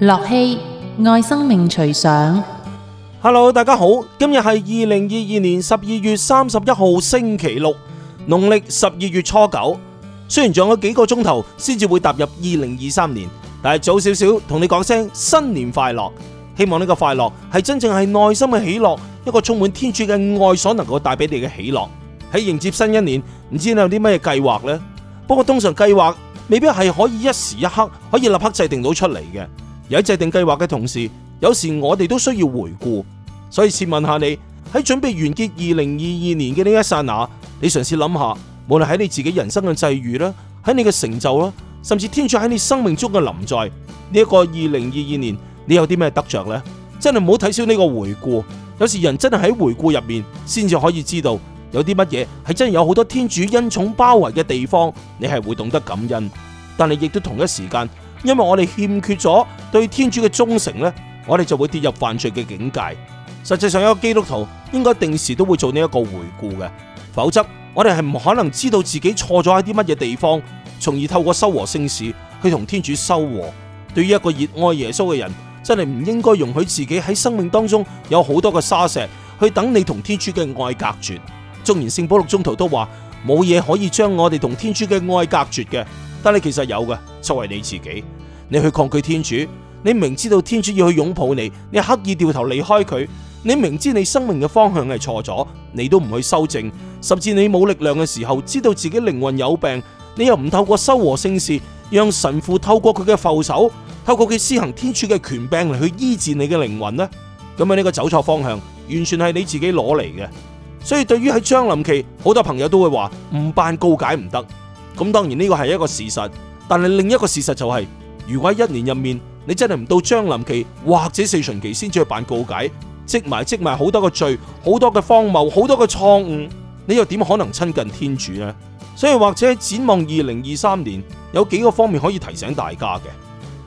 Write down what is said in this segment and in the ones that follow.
樂器愛生命隨想，Hello，大家好。今日係二零二二年十二月三十一號星期六，農曆十二月初九。雖然仲有幾個鐘頭先至會踏入二零二三年，但係早少少同你講聲新年快樂。希望呢個快樂係真正係內心嘅喜樂，一個充滿天主嘅愛所能夠帶俾你嘅喜樂。喺迎接新一年，唔知你有啲咩計劃呢？不過通常計劃未必係可以一時一刻可以立刻制定到出嚟嘅。有制定計劃嘅同時，有時我哋都需要回顧。所以先問下你，喺準備完結二零二二年嘅呢一剎那，你嘗試諗下，無論喺你自己人生嘅際遇啦，喺你嘅成就啦，甚至天主喺你生命中嘅臨在，呢一個二零二二年，你有啲咩得着呢？真係唔好睇少呢個回顧。有時人真係喺回顧入面，先至可以知道有啲乜嘢係真係有好多天主恩寵包圍嘅地方，你係會懂得感恩，但係亦都同一時間。因為我哋欠缺咗對天主嘅忠誠呢我哋就會跌入犯罪嘅境界。實際上，一個基督徒應該定時都會做呢一個回顧嘅，否則我哋係唔可能知道自己錯咗喺啲乜嘢地方，從而透過修和聖事去同天主修和。對於一個熱愛耶穌嘅人，真係唔應該容許自己喺生命當中有好多嘅沙石去等你同天主嘅愛隔絕。縱然聖保禄宗徒都話。冇嘢可以將我哋同天主嘅愛隔絕嘅，但係其實有嘅就係你自己，你去抗拒天主，你明知道天主要去擁抱你，你刻意掉頭離開佢，你明知你生命嘅方向係錯咗，你都唔去修正，甚至你冇力量嘅時候，知道自己靈魂有病，你又唔透過修和聖事，讓神父透過佢嘅浮手，透過佢施行天主嘅權柄嚟去醫治你嘅靈魂呢？咁樣呢個走錯方向，完全係你自己攞嚟嘅。所以對於喺將臨期，好多朋友都會話唔辦告解唔得。咁當然呢個係一個事實，但係另一個事實就係、是，如果喺一年入面，你真係唔到將臨期或者四旬期先至去辦告解，積埋積埋好多嘅罪、好多嘅荒謬、好多嘅錯誤，你又點可能親近天主呢？所以或者展望二零二三年，有幾個方面可以提醒大家嘅。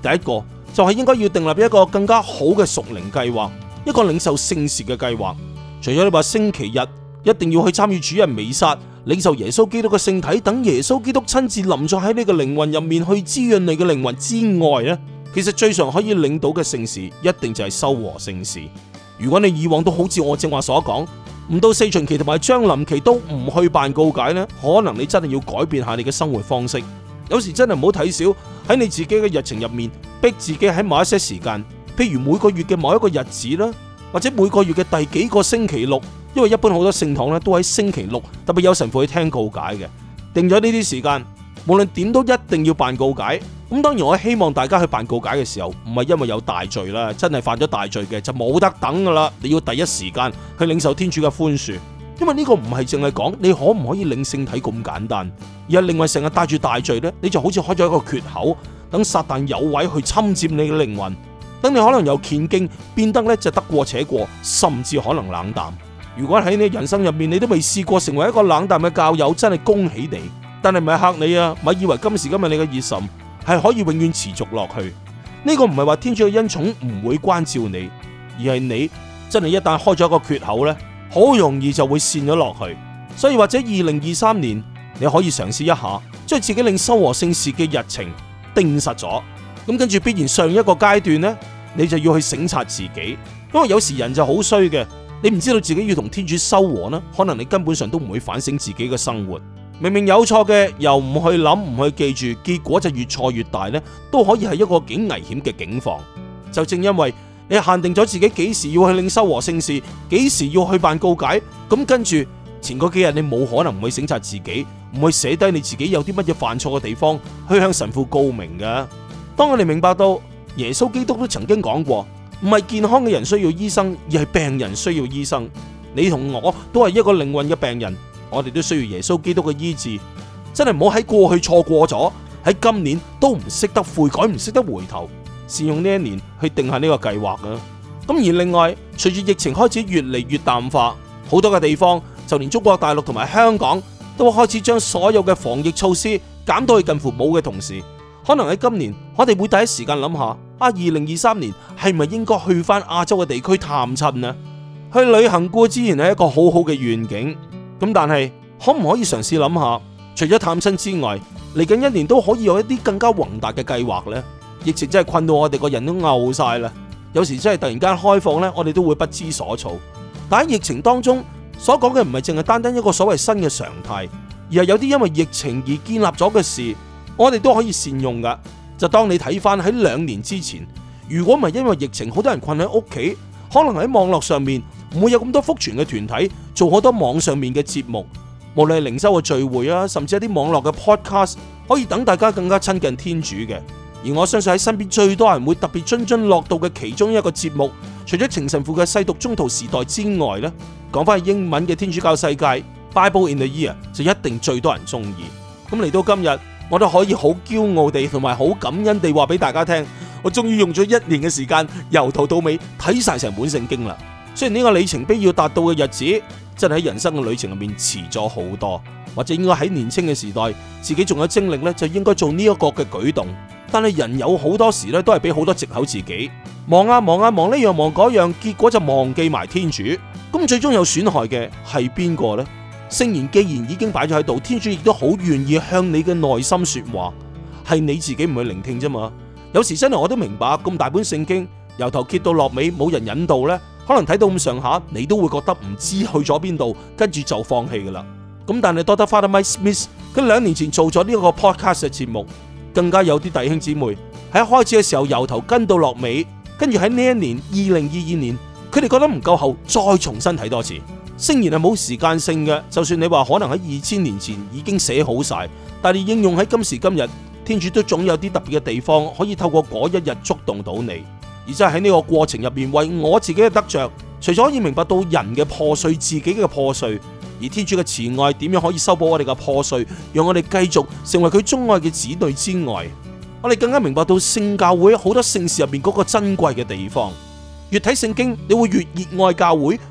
第一個就係、是、應該要訂立一個更加好嘅屬靈計劃，一個領受聖事嘅計劃。除咗你個星期日。一定要去參與主日彌撒、領受耶穌基督嘅聖體，等耶穌基督親自臨在喺你個靈魂入面去滋潤你嘅靈魂之外呢，其實最常可以領到嘅聖事，一定就係修和聖事。如果你以往都好似我正話所講，唔到四旬期同埋將臨期都唔去辦告解呢，可能你真係要改變下你嘅生活方式。有時真係唔好睇小喺你自己嘅日程入面，逼自己喺某一些時間，譬如每個月嘅某一個日子啦，或者每個月嘅第幾個星期六。因為一般好多聖堂咧都喺星期六，特別有神父去聽告解嘅，定咗呢啲時間，無論點都一定要辦告解。咁當然我希望大家去辦告解嘅時候，唔係因為有大罪啦，真係犯咗大罪嘅就冇得等噶啦，你要第一時間去領受天主嘅寬恕。因為呢個唔係淨係講你可唔可以領聖體咁簡單，而係另外成日帶住大罪呢，你就好似開咗一個缺口，等撒旦有位去侵佔你嘅靈魂，等你可能由虔敬變得呢，就得過且過，甚至可能冷淡。如果喺你人生入面，你都未試過成為一個冷淡嘅教友，真係恭喜你。但係唔係嚇你啊，咪以為今時今日你嘅熱心，係可以永遠持續落去？呢個唔係話天主嘅恩寵唔會關照你，而係你真係一旦開咗一個缺口咧，好容易就會陷咗落去。所以或者二零二三年你可以嘗試一下，將自己令修和聖事嘅日程定實咗。咁跟住必然上一個階段咧，你就要去省察自己，因為有時人就好衰嘅。你唔知道自己要同天主修和呢，可能你根本上都唔會反省自己嘅生活，明明有錯嘅又唔去諗，唔去記住，結果就越錯越大呢，都可以係一個幾危險嘅境況。就正因為你限定咗自己幾時要去領修和聖事，幾時要去辦告解，咁跟住前嗰幾日你冇可能唔去省察自己，唔去寫低你自己有啲乜嘢犯錯嘅地方，去向神父告明噶。當我哋明白到耶穌基督都曾經講過。唔係健康嘅人需要醫生，而係病人需要醫生。你同我都係一個靈魂嘅病人，我哋都需要耶穌基督嘅醫治。真係唔好喺過去錯過咗，喺今年都唔識得悔改，唔識得回頭，善用呢一年去定下呢個計劃啊！咁而另外，隨住疫情開始越嚟越淡化，好多嘅地方，就連中國大陸同埋香港都開始將所有嘅防疫措施減到去近乎冇嘅同時，可能喺今年我哋會第一時間諗下。啊！二零二三年係咪應該去翻亞洲嘅地區探親呢？去旅行固然係一個好好嘅願景。咁但係可唔可以嘗試諗下，除咗探親之外，嚟緊一年都可以有一啲更加宏大嘅計劃呢？疫情真係困到我哋個人都漚晒啦！有時真係突然間開放呢，我哋都會不知所措。但喺疫情當中所講嘅唔係淨係單單一個所謂新嘅常態，而係有啲因為疫情而建立咗嘅事，我哋都可以善用噶。就當你睇翻喺兩年之前，如果唔係因為疫情，好多人困喺屋企，可能喺網絡上面唔會有咁多福傳嘅團體做好多網上面嘅節目，無論係靈修嘅聚會啊，甚至一啲網絡嘅 podcast，可以等大家更加親近天主嘅。而我相信喺身邊最多人會特別津津樂道嘅其中一個節目，除咗情神父嘅《細讀中途時代》之外呢，講翻係英文嘅天主教世界《Bible in the Year》就一定最多人鍾意。咁嚟到今日。我都可以好驕傲地同埋好感恩地話俾大家聽，我終於用咗一年嘅時間，由頭到尾睇晒成本聖經啦。雖然呢個里程碑要達到嘅日子，真係喺人生嘅旅程入面遲咗好多，或者應該喺年輕嘅時代，自己仲有精力呢，就應該做呢一個嘅舉動。但係人有好多時呢，都係俾好多借口自己，忙啊忙啊忙呢樣忙嗰樣，結果就忘記埋天主。咁最終有損害嘅係邊個呢？聖言既然已經擺咗喺度，天主亦都好願意向你嘅內心說話，係你自己唔去聆聽啫嘛。有時真係我都明白，咁大本聖經由頭揭到落尾冇人引導呢，可能睇到咁上下，你都會覺得唔知去咗邊度，跟住就放棄噶啦。咁但係多得 Father Mike Smith，佢兩年前做咗呢一個 podcast 嘅節目，更加有啲弟兄姊妹喺開始嘅時候由頭跟到落尾，跟住喺呢一年二零二二年，佢哋覺得唔夠後再重新睇多次。聖言係冇時間性嘅，就算你話可能喺二千年前已經寫好晒，但你應用喺今時今日，天主都總有啲特別嘅地方可以透過嗰一日觸動到你，而就係喺呢個過程入面為我自己嘅得着，除咗可以明白到人嘅破碎，自己嘅破碎，而天主嘅慈愛點樣可以修補我哋嘅破碎，讓我哋繼續成為佢鍾愛嘅子女之外，我哋更加明白到聖教會好多聖事入面嗰個珍貴嘅地方。越睇聖經，你會越熱愛教會。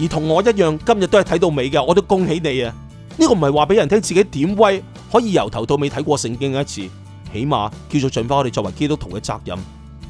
而同我一樣，今日都係睇到尾嘅，我都恭喜你啊！呢個唔係話俾人聽自己點威，可以由頭到尾睇過聖經一次，起碼叫做盡翻我哋作為基督徒嘅責任。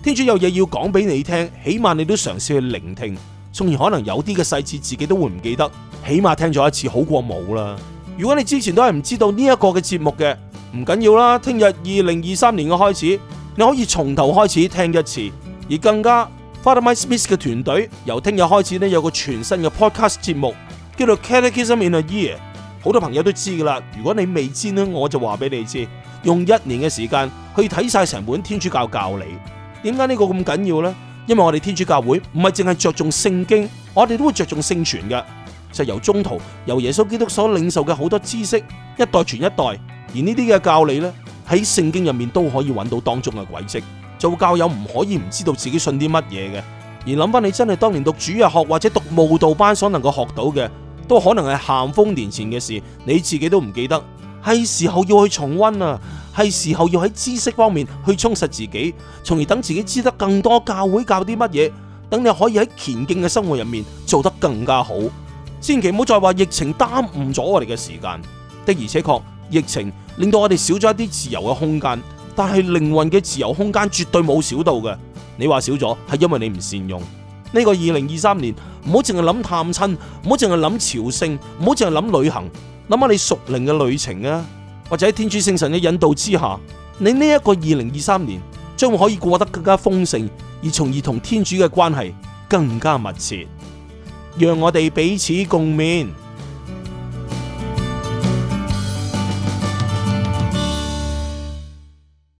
天主有嘢要講俾你聽，起碼你都嘗試去聆聽。縱然可能有啲嘅細節自己都會唔記得，起碼聽咗一次好過冇啦。如果你之前都係唔知道呢一個嘅節目嘅，唔緊要啦。聽日二零二三年嘅開始，你可以從頭開始聽一次，而更加。Father Mike Smith 嘅團隊由聽日開始咧，有個全新嘅 podcast 節目，叫做 Catechism in a Year。好多朋友都知噶啦，如果你未知呢，我就話俾你知，用一年嘅時間去睇晒成本天主教教理。點解呢個咁緊要呢？因為我哋天主教會唔係淨係着重聖經，我哋都會着重聖傳嘅，就是、由中途由耶穌基督所領受嘅好多知識，一代傳一代，而呢啲嘅教理呢，喺聖經入面都可以揾到當中嘅軌跡。做教友唔可以唔知道自己信啲乜嘢嘅，而諗翻你真係當年讀主日學或者讀慕道班所能夠學到嘅，都可能係咸豐年前嘅事，你自己都唔記得，係時候要去重溫啊，係時候要喺知識方面去充實自己，從而等自己知得更多教會教啲乜嘢，等你可以喺虔敬嘅生活入面做得更加好，千祈唔好再話疫情耽誤咗我哋嘅時間，的而且確，疫情令到我哋少咗一啲自由嘅空間。但係靈魂嘅自由空間絕對冇少到嘅，你話少咗係因為你唔善用呢個二零二三年，唔好淨係諗探親，唔好淨係諗朝聖，唔好淨係諗旅行，諗下你屬靈嘅旅程啊，或者喺天主聖神嘅引導之下，你呢一個二零二三年將會可以過得更加豐盛，而從而同天主嘅關係更加密切，讓我哋彼此共勉。